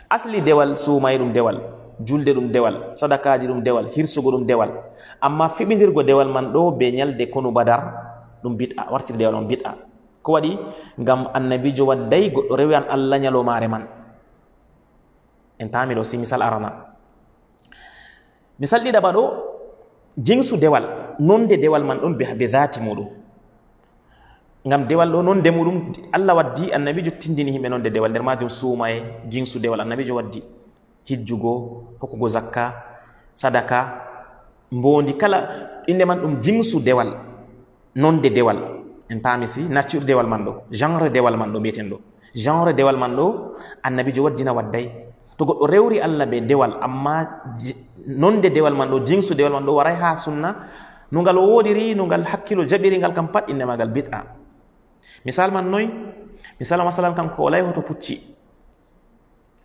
asli dewal suumaye ɗum dewal julde ɗum dewal sadakaji ɗum dewal hirsugo ɗum dewal amma fiɓidirgo dewal man ɗo ɓe ñalde konu badar ɗum bit a wartirde wala on bit a ko waɗi ngam annabijo wadday goɗɗo rewiyan allah ñalomare man en tami ɗo si misal arana misal ɗiɗaɓa ɗo jinsu dewal nonde dewal man ɗon be dati muɗum ngam dewal ɗo nonde muɗum allah waddi annabijo tindini himɓe nonde dewal nder majum suumaye jinsu dewal annabijo waddi hijjugo hokkugo zakka sadaka mbondi kala inde man ɗum jinsu dewal nonde dewal en paami si nature dewal man ɗo genre dewal man ɗo mbiyeten ɗo genre dewal man ɗo annabijo waddina wadday to goɗɗo rewri allah ɓe dewal amma nonde dewal man ɗo jingsu dewal man ɗo waray ha sunna no ngal wodiri no ngal hakkilo jaɓiringal kam pat innema ngal bid'a misal man noy misal masalan kanko o layhoto pucci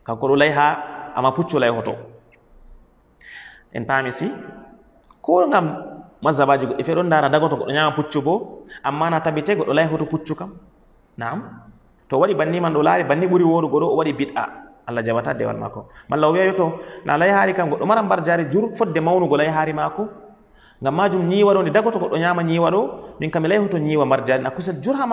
kanko ɗo lay ha ama pucco layhoto en paami si ko ngam mazabaji go feere ndara dago to goddo nyaama puccu bo amma na tabite goddo lay hoto puccu kam nam to wadi banni man do laari banni buri wodo goddo o bid'a allah jabata dewal mako malla o wiya yoto na lay haari kam maram bar jari jur fodde go lay haari mako, ngam majum ñiiwa ni dago to goddo nyaama ñiiwa ɗo min kam lay hoto mar jari na kusel jur ha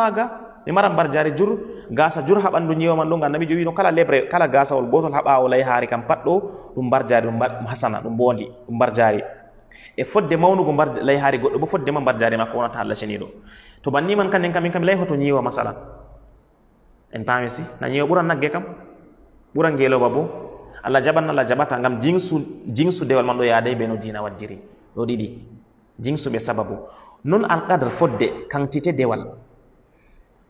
ni maram bar jari jur gasa jur ha ɓanndu ñewa man nabi ngam jowi no kala lebre kala wol botol haba, o lay haari kam pat dum ɗum jari ɗum hasana ɗum bondi ɗum jari e fodde mawnugo mbar layhaari goɗɗo bo foddema mbardaare makko wonata allah ceniiɗo to banniman kanden kam min kam lay hoto ñiiwa masalan en paami si na ñiiwa ɓuran nagge kam ɓuran ngeelooba bo allah jaɓan allah jaɓata ngam jinsu jinsu dewal man ɗo yaaday ɓe no diina waddiri ɗo ɗiɗi jinsuɓe sababu noon alkadre fodde kantite dewal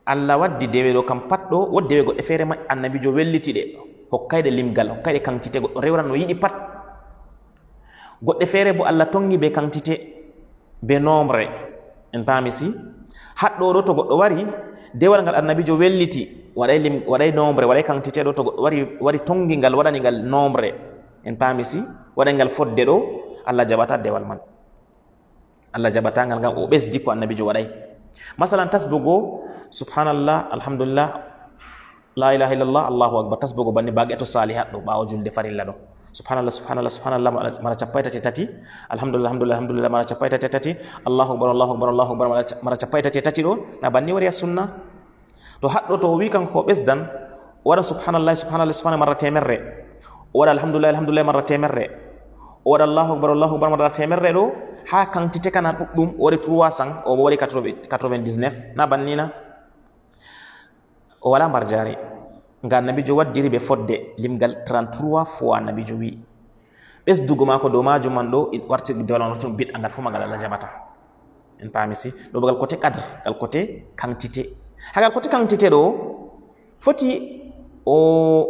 allah waddi dewe ɗo kam pat ɗo wo dewe goɗɗe feere ma annabijo wellitiɗe hokkayɗe limgal hokkayɗe kantite goɗɗo rewran no yiɗi pat goɗɗe feere bo allah tongi be quantité be nombre en paami si haɗɗo ɗo to goɗɗo wari dewal ngal annabijo welliti waɗay nombre waɗay quantité ɗo to goɗɗo wari wari tongi ngal waɗani ngal nombre en paami si waɗay ngal fodde ɗo allah jaɓata dewal man allah jaɓatangal ngam o ɓesdi ko annabijo waɗay masalan tasbugo subhanallah alhamdulillah la ilaha illallah allahu akbar tasbugo banni bageto saliha ɗo ɓawo julde farilla ɗo subhanallah subhanallah subhanallah mara capai tati tati alhamdulillah alhamdulillah alhamdulillah mara capai tati tati allahu akbar allahu akbar allahu akbar mara capai tati tati ɗo na banni wari a sunna to haɗɗo to wi kan ko ɓesdan o waɗa subhanallah subhanallah subhanallah mara temerre o waɗa alhamdulillah alhamdulillah mara temerre o allahu akbar allahu akbar mara temerre ɗo ha kantite kana ɗuɗɗum o waɗi o waɗi 99 na bannina o wala mbar nga annabijo waddiri ɓe fodde limgal 33 fois annabijo wi ɓesdugo ma ko dow majum man ɗo warti dolanoto biɗa ngal fof ma ngal allah jaɓata en paami si ɗo bo gal coté cadre gal coté kantité ha gal coté kantité ɗo foti o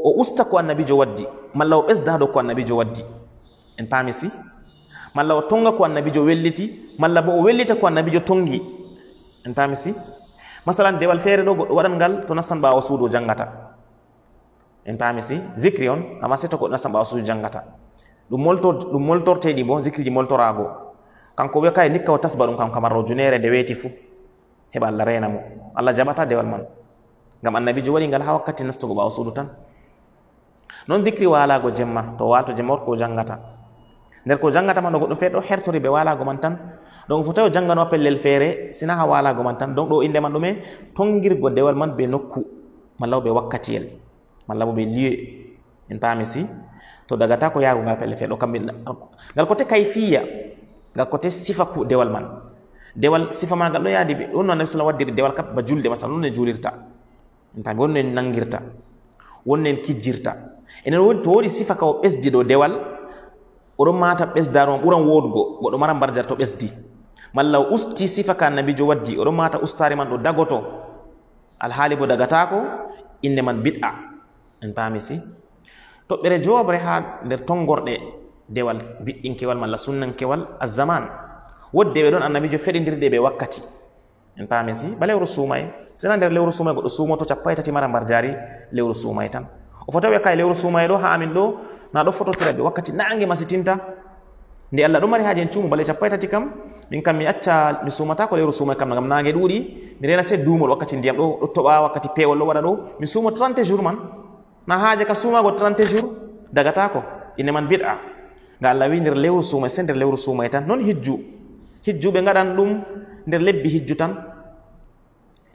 o usta ko annabijo waddi malla o ɓesdaɗo ko annabijo waddi en paami si malla o tonga ko annabijo welliti malla bo o wellita ko annabijo tongi en paami si masalan dewal feere ɗo goɗɗo waɗan ngal to nastan ɓawa suudu o jangata en paami si zicri on amma setto goɗɗo nasan ɓaawa suudu janngata ɗum moltorteeɗi bo zicri ji moltoraago kanko wiya kaye ndikka o tasba ɗum kanko kamar rojunere nde weeti fuu heɓa allah reena mo allah jaɓata dewal man ngam annabiji waɗi ngal haa wakkati nastugo ɓaawa suudu tan noon zicri waalaago jemma to waalto jemma wot ko janngata nder ko janngata ma ɗo goɗɗum feere ɗo hertori ɓe waalaago man tan donc fo tawi o jannganoa pellel feere sina haa waalaago man tan donc ɗo innde man ɗume tongirgo dewal man ɓe nokku mallaw ɓe wakkatiyel malla bo ɓe lieu en paami si to dagata ko yaago ngal pelle feeɗo kamɓe ngal côté kayfiya ngal côté sifa dewal man dewal sifa magal ɗo yaadi ɓe ɗon no nabi sallam waddiri dewal kam ba julde masal non en julirta en paami wonno en nanngirta wonno en kijjirta enen wodi to woodi sifa ka o ɓesdi ɗo dewal oɗon mata ɓesdare on ɓuran wodugo goɗɗo mara mbardar to ɓesdi malla o usti sifa ka annabijo waddi oɗon mata ustare man ɗo dagoto alhaali bo dagatako inde man bid'a en paami si toɓɓere jowobre haa nder tongorɗe dewal biɗɗinkewal malla sunnankewal azaman wodi dewe ɗon annabijo feɗidirɗe ɓe wakkati en paami si ba lewru suumaye sena nder lewru suumaye goɗɗo suumoto capa tati mara mbar jaari lewru suumaye tan o fota wiya kay lewru suumaye ɗo haa amin ɗo na ɗo fototira ɓe wakkati nange masitinta nde allah ɗo mari haaji en cuumo bale capa tati kam min kam mi acca mi suumata ko lewru suumaye kam gam nage ɗuuɗi mi rena se duumol wakkati ndiyam ɗo ɗo toɓa wakkati pewol ɗo waɗa ɗo mi suumo 30 jour man na haaje ka sumaago 30 jours dagata ko ine man bid'a nga allah wi nder lewru suumay se nder lewru suumay tan noon hijju hijjuɓe gaɗan ɗum nder lebbi hijju tan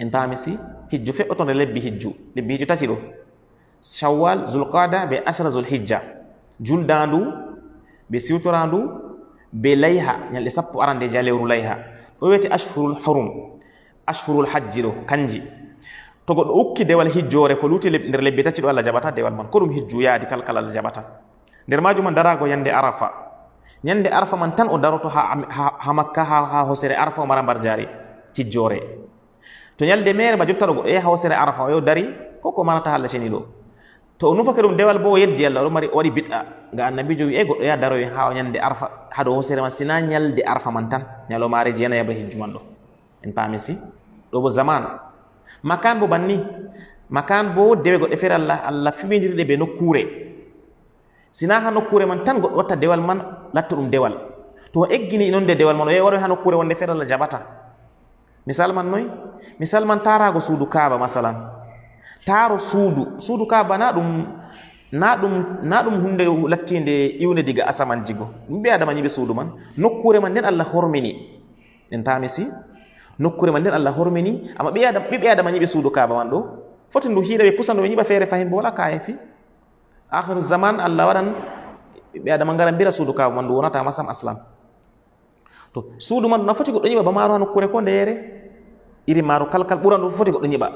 en paami si hijju feɓɓoto nder lebbi hijju lebbi hijju tati ɗo shawwal zulkada be ashra zulhijja juldandu ɓe siwtorandu be layha ñalɗe sappo arande ja lewru layha ɗo wiyete ashhurul hurum ashhurul hajji ɗo kanji to goɗɗo ukki dewal hijjore ko luti nder lebbi tati ɗo allah jaɓata dewal man ko ɗum hijju yaadi kalkala allah jaɓata nder majum man darago yande arafa yande arafa man tan o daroto ha, ha, ha makka ha, ha hosere arafa o mara mbar jari hijjore to yalde mere ma jottaɗo goɗɗo yaha hosere arafa o yo dari koko marata ha allah ceni ɗo to o nufake ɗum dewal bo o yeddi allah ɗomari o waɗi biɗɗa ga annabi jowi e goɗɗo yaha daroye ha yande arafa haɗo hosere man sina yalde arafa man tan yalomare jeenayaba e hijju man ɗo en pamisi ɗo bo zaman makan bo banni makan bo dewe goɗɗe fere allah allah fiɓidirɗe ɓe nokkure sina ha nokkure man tan goɗɗo watta dewal man latta ɗum dewal to eggini nonde dewal man o yewaro ha nokkure wonde fere allah jaɓata misal man noy misal man tarago suudu kaaba masalan taro suudu suudu kaaba na ɗum na ɗum na ɗum hunde lattide iwde diga asaman jigo ɗum ɓe adama yiɓe suudu man nokkure man nden allah hormini en tamisi nokkure man nden allah hormini amma ɓiɓɓe adama yiɓe suudu kaba man ɗo foti ndu hiiɗa ɓe pusa ndu ɓe yiɓa feere fahin bo wala kaya fi ahiru zaman allah waɗan ɓe adama ngara mbira suudu kaba man ndu wonata sam aslam to suudu man na foti goɗɗo yiɓa ba maaro ha nokkure ko ndeyere iri maaro kalkal ɓura ndu foti goɗɗo yiɓa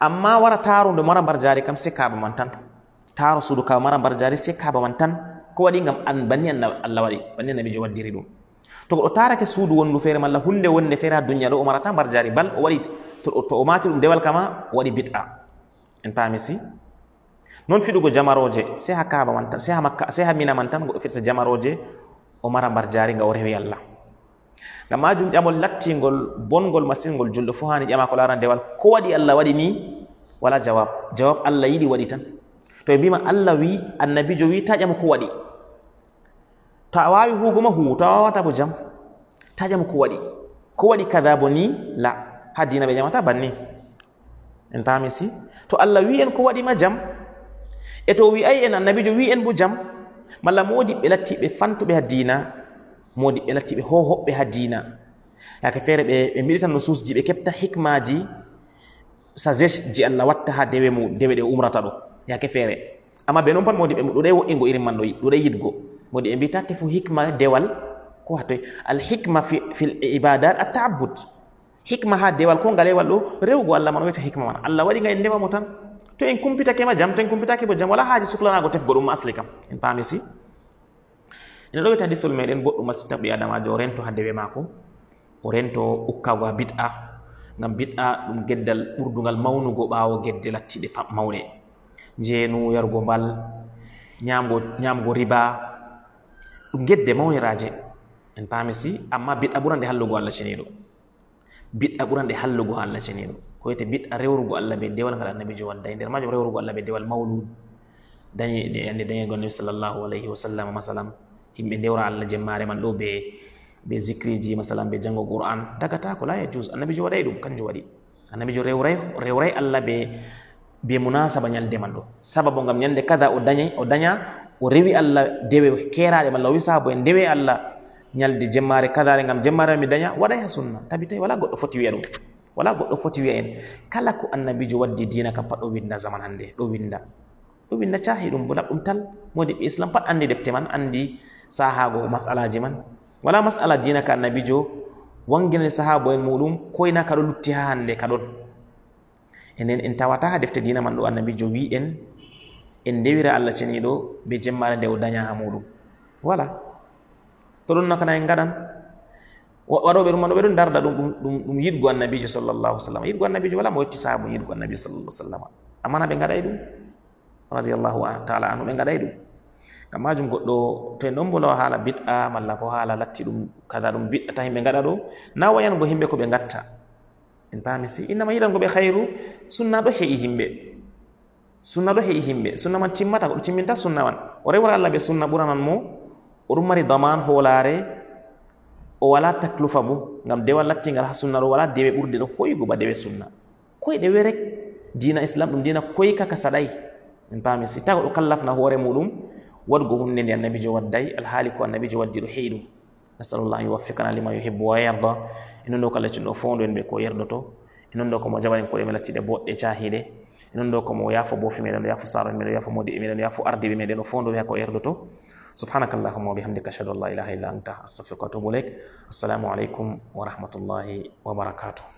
amma wara taaro ndu mara mbar jaari kam se kaaba man tan taaro suudu kaba mara mbar jaari se kaaba man tan ko waɗi ngam an banni allah waɗi banni annabijo waddiri ɗum to goɗo tarake suudu wonndu feere malla hunde wonde feere ha duniat o marata mbarjari bal o waɗi to o maati ɗum dewal kama o waɗi bit a en paami si noon fiɗugo jamaroje se ha kaaba man tan se ha mina man tan goɗo fiɗata jamaroje o mara mbarjari nga o rewi allah ngam majum ƴamol lattingol bongol masingol julɗo fo hani ƴama ko laran dewal ko waɗi allah waɗi ni wala jawab jawab allah yiɗi waɗi tan to e mbima allah wi annabijo wi ta ƴamu ko waɗi to a wawi hugoma huwo to a wawata bo jam ta jam ko waɗi ko waɗi kada bo ni la ha dina ɓe jamata banni en pami si to allah wi en ko waɗima jam e to wi ayi en annabijo wi en bo jam malla modiɓɓe lattiɓe fantuɓe ha dina modiɓɓe lattiɓe ho hoɓɓe ha dina yake feere ɓe ɓe mbiɗi tan no susji ɓe keɓta hikmaji sagege ji allah watta ha dewe mu dewe ɗe umrata ɗo yake feere amma ɓe noon pat modiɓɓe ɗuɗai wo'ingo irin manɗo ɗuɗai yiɗgo modi e mbita te fo hikma dewal ko ha toye alhikma fi libadat a taabud hikma ha dewal ko ngalewal ɗo rewgo allah man wiyata hikma man allah waɗi nga en ndema mo tan to en kumpitake ma jam to en kumpitake bo jam wala haaji suklanago tefgo ɗum asli kam en paami si ene ɗo wiyata disol meɗen boɗɗum asi taɓɓi adamajo o rento ha dewe maako o rento ukkago ha bit a ngam bit a ɗum geddal ɓurdugal mawnugo ɓawo gedde lattiɗe mawne njeenu yargo mbal ñamgo ñamgo riba ɗum gedde mawniraaje en paami si amma biɗɗa ɓurande hallugo allah ceniiɗo biɗɗa ɓurande hallugo ha allah ceniiɗo ko wiyete biɗɗa rewrugo allah be dewal ngal annabijo wadda e nder majum rewrugo allah be dewal mawlud dañi ande dañego annabi sallllahu alayhi wa sallam masalam yimɓe ndewra allah jemmare man ɗo be be zicriji masalan be janngo qur'an dagata ko la yajus annabijo waɗay ɗum kanjum waɗi annabijo rewray rewray allah be be munasaba ñalde man ɗo sababu gam ñande kada o dañay o daña o rewi allah dewe keraɗe malla o wi saabu en dewe allah ñalde jemmare kadare gam jemmare mi daña waɗay ha sunna tabitawi wala goɗɗo foti wiya ɗum wala goɗɗo foti wiya en kala ko annabijo waddi dina kam pat ɗo winda zaman hande ɗo winda ɗo winda cahi ɗum bula ɗum tal modi ɓe islam pat andi defte man andi sahago masalaji man wala masala dina ka annabijo wangginani sahabo en muɗum koyna kaɗo lutti ha hande ka ɗon enen en tawata ha defte dina man ɗo annabi jo wi en en dewira allah ceniɗo ɓe jemmare nde o daña ha muɗum voilà to ɗum nokana en gaɗan waɗoɓe ɗum man ɗo ɓe ɗum darda ɗum ɗum ɗum yiɗgo annabijo sallllahu sallam yiɗgo annabijo wala mo yetti sahabu yiɗgo annabijo sallllah sallam amana ɓe gaɗay ɗum radiallahu taala anu ɓe gaɗay ɗum gam majum goɗɗo to en ɗon bolo haala bid'a malla ko haala latti ɗum kada ɗum biɗɗata himɓe gaɗa ɗo na wayango himɓe ko ɓe gatta en paamisi innama yiɗango ɓe hayru sunna ɗo heƴi himɓe sunna ɗo heƴi himɓe sunna man timmata ko ɗum timminta sunna man o rewra allah ɓe sunna ɓuranan mo oɗum mari daman hoolaare o wala taklufa bo ngam dewal lattingal ha sunna ɗo wala dewe ɓurde ɗo hoygo ba dewe sunna koyɗe werek dina islam ɗum dina koyka ka saɗay en paami si tawa ɗo kallafna hoore muɗum waɗgo hunde nde annabijo wadday alhaali ko annabijo waddi ɗo heyi ɗum nasalullah an yuwaffiqana lima yuhibbu wa yarda enon do kala ɗo fondo en be ko yerdoto enon do ko mo jabani ko melati de bodde chaahide enon do ko mo yafo bo fimi den yafo saaro mi yafo modi mi ya fi ardi mi den fondo be ko yerdoto subhanakallahumma wa bihamdika ashhadu an la ilaha illa anta astaghfiruka wa atubu ilaik assalamu alaikum wa rahmatullahi wa barakatuh